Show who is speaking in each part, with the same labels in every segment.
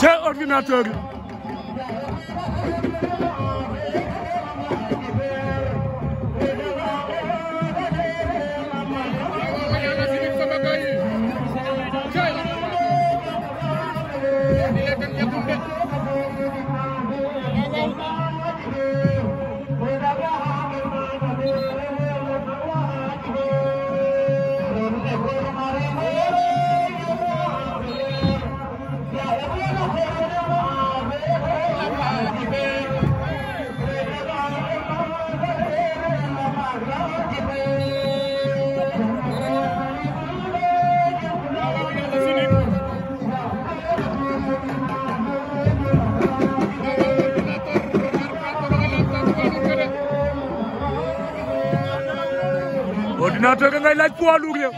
Speaker 1: ca ordinateur yi moteur ngay laaj poids lourd ya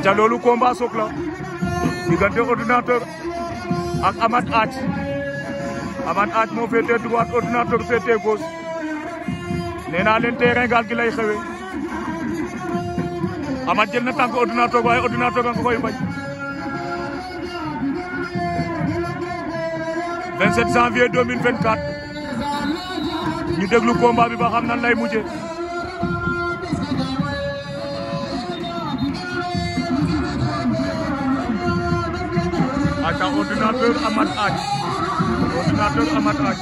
Speaker 1: aca loolu combat soog la diggante ordinateur ak Amath Ath Amath Ath moo féetee droite ordinateur féetee gauche nee naa leen terrain gaal gi lay xewe Amath jël na tànk ordinateur waaye ordinateur nga koy bañ 27 janvier 2024 ñu déglu combat bi ba xam nan lay mujjee ak Ordinator Amath Aj Ordinator Amath Aj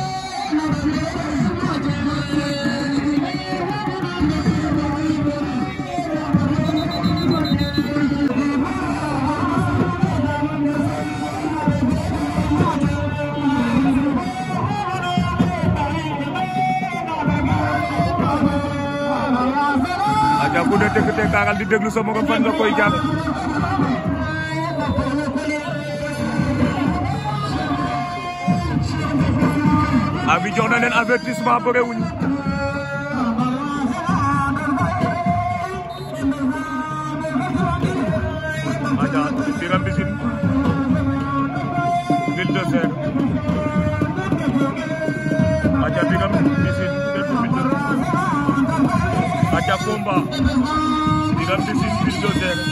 Speaker 1: Aja ku deg-deg te kaagal di déglu sa morom fan nga koy abi jox na leen avertissement bëre wuñu aja Biram Mbissine ville de Serre aja Biram Mbissine dëkk ville de aja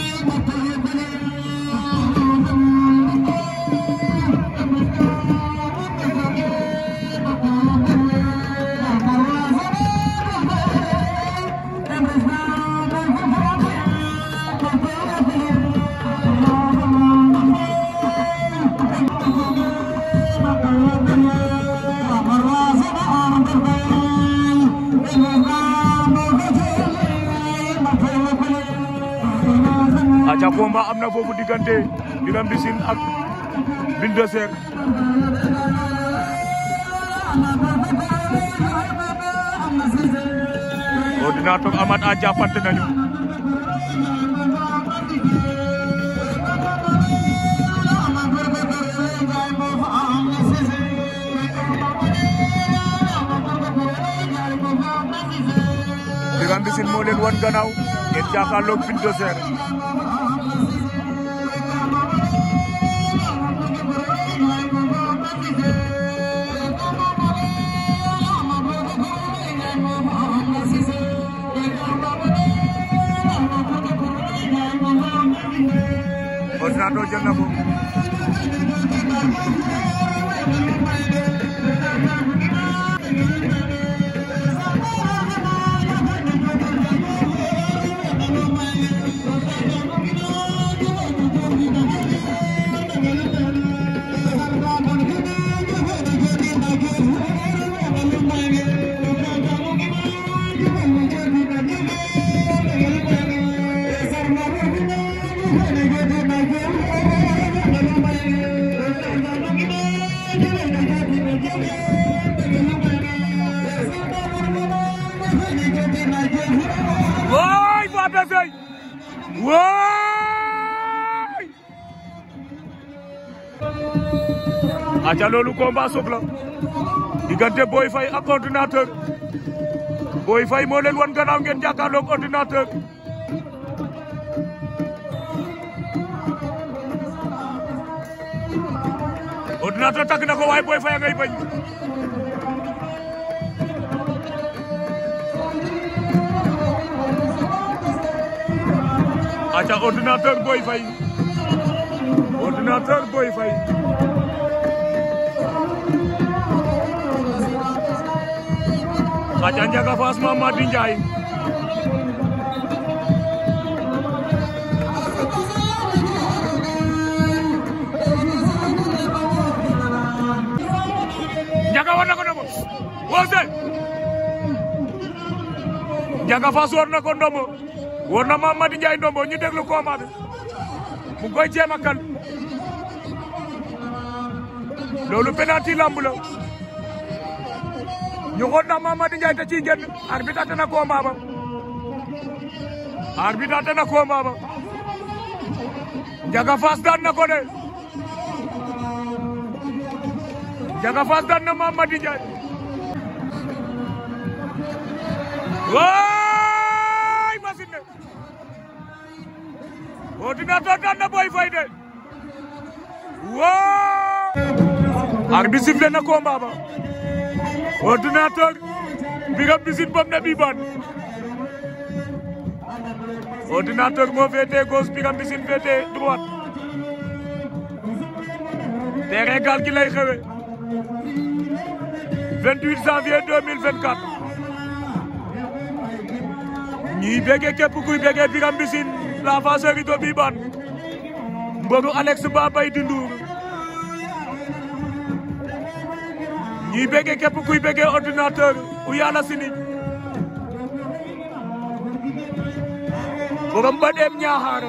Speaker 2: aca
Speaker 1: combat am na foofu diggante Birame Mbissine ak Bine de Serre Ordinateur Amath a jàppante nañu Mbissine moo leen wan na ko Woy Pathé Seye woy aca loolu combat sok la diggante Boy Faye ak ordinateur Boy Faye moo leen wan gannaaw ngeen jàkkaarloog ordinateur ordinateur tàgg na ko waaye Boy Faye aca ordinateur Boy Faye ordinateur Boy Faye aca Ndiaga Fass Mamady Ndiaye Ndiaga war na ko ndombo wose Ndiaga Fass war na ko war na Mamady Ndiaye Ndombo ñu déglu combat bi mu koy jéem a kan
Speaker 2: loolu penalty lamb
Speaker 1: la ñu xool na Mamady Ndiaye te ciy génn arbitre atte na combat ba arbitre atte na combat ba Ndiaga Fass na ko de Ndiaga Fass daan na Mamady Ndiaye waaw ordinateur daan na Boy Faye de woo arbitre sifflé na combat ba ordinateur Birame Mbissine bam na Bibane ordinateur moo féetee gauche Birame Mbissine féetee droite terrain gaal gi lay xewe 28 janvier 2024 ñuy béggee képp kuy béggee Birame Mbissine la phase rideau bi ban Alex babay Bay ñi bëggé képp kuy bëggé ordinateur
Speaker 2: Uyana Sinig
Speaker 1: borom ba dem Ñaaxaar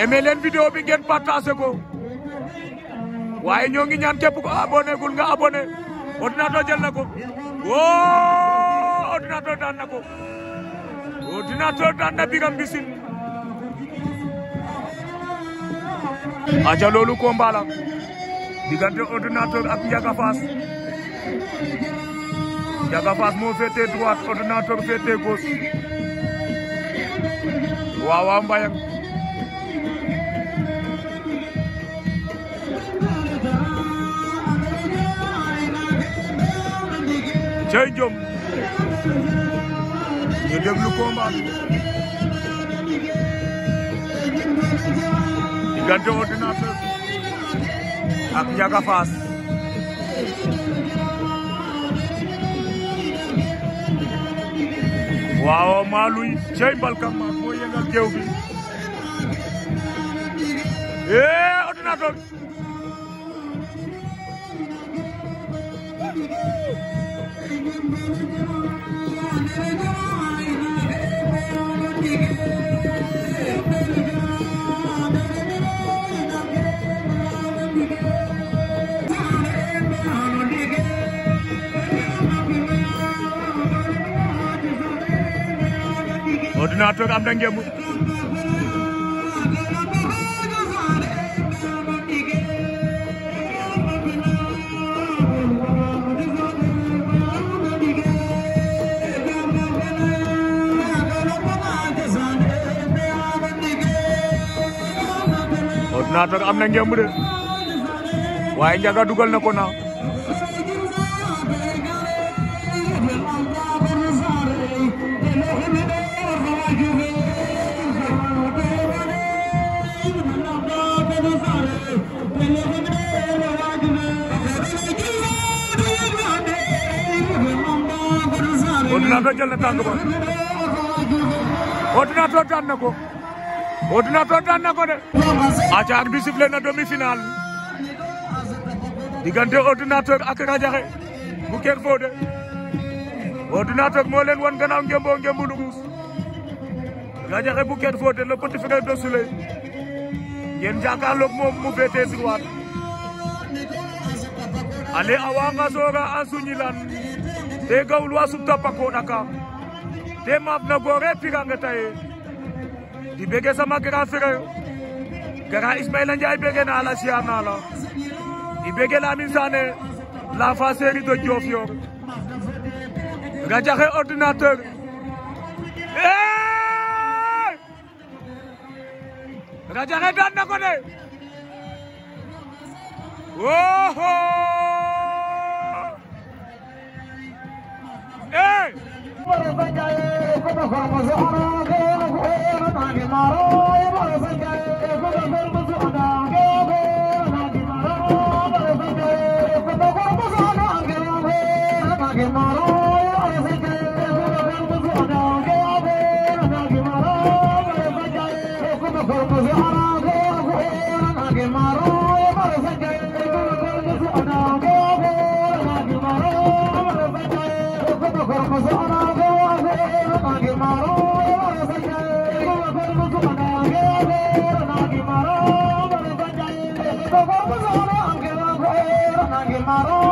Speaker 1: aimé leen vidéo bi ngeen partager ko waye ñoo ngi ñaan képp ko abonné ah, gul nga abonné ah, ordinateur jël nako oh ordinateur daan na ordinateur daan na Biram Mbissine aca ko mbala diggante ordinateur ak Ndiaga Fass Ndiaga Fass moo féete droite ordinateur féete gauche waaw waaw ñu déglu combat bi diggante ordinateur ak Ndiaga Fass waaw Maaluy cey mbalkam ma moo yëngal géew bi ee eh, ordinateur ordinateur am na ngemb ordinateur am na ngemb de waaye njaga dugal na ko ordinateur jël na tànn ko ordinateur daan na ko ak bi sifflé na demi diggante ordinateur ak Radiakhé bu Kër Fodé ordinateur moo wan gannaaw ngemboo ngembu lugus Radiakhé bu Kër Fodé le petit frère de Souley ngeen jàkkaarloog moom mu féetee nga soora a suñu te gawulwa supta pakona ka te mafna gore pirangeta ye di bege sama grand frère gara Ismaïla Ndiaye bege naa la siyaar naa la di bege Lamine Sané la fa série de Diofior Radiakhé ordinateur
Speaker 2: eeey Radiakhé daan Hey! Marón.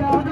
Speaker 2: Raja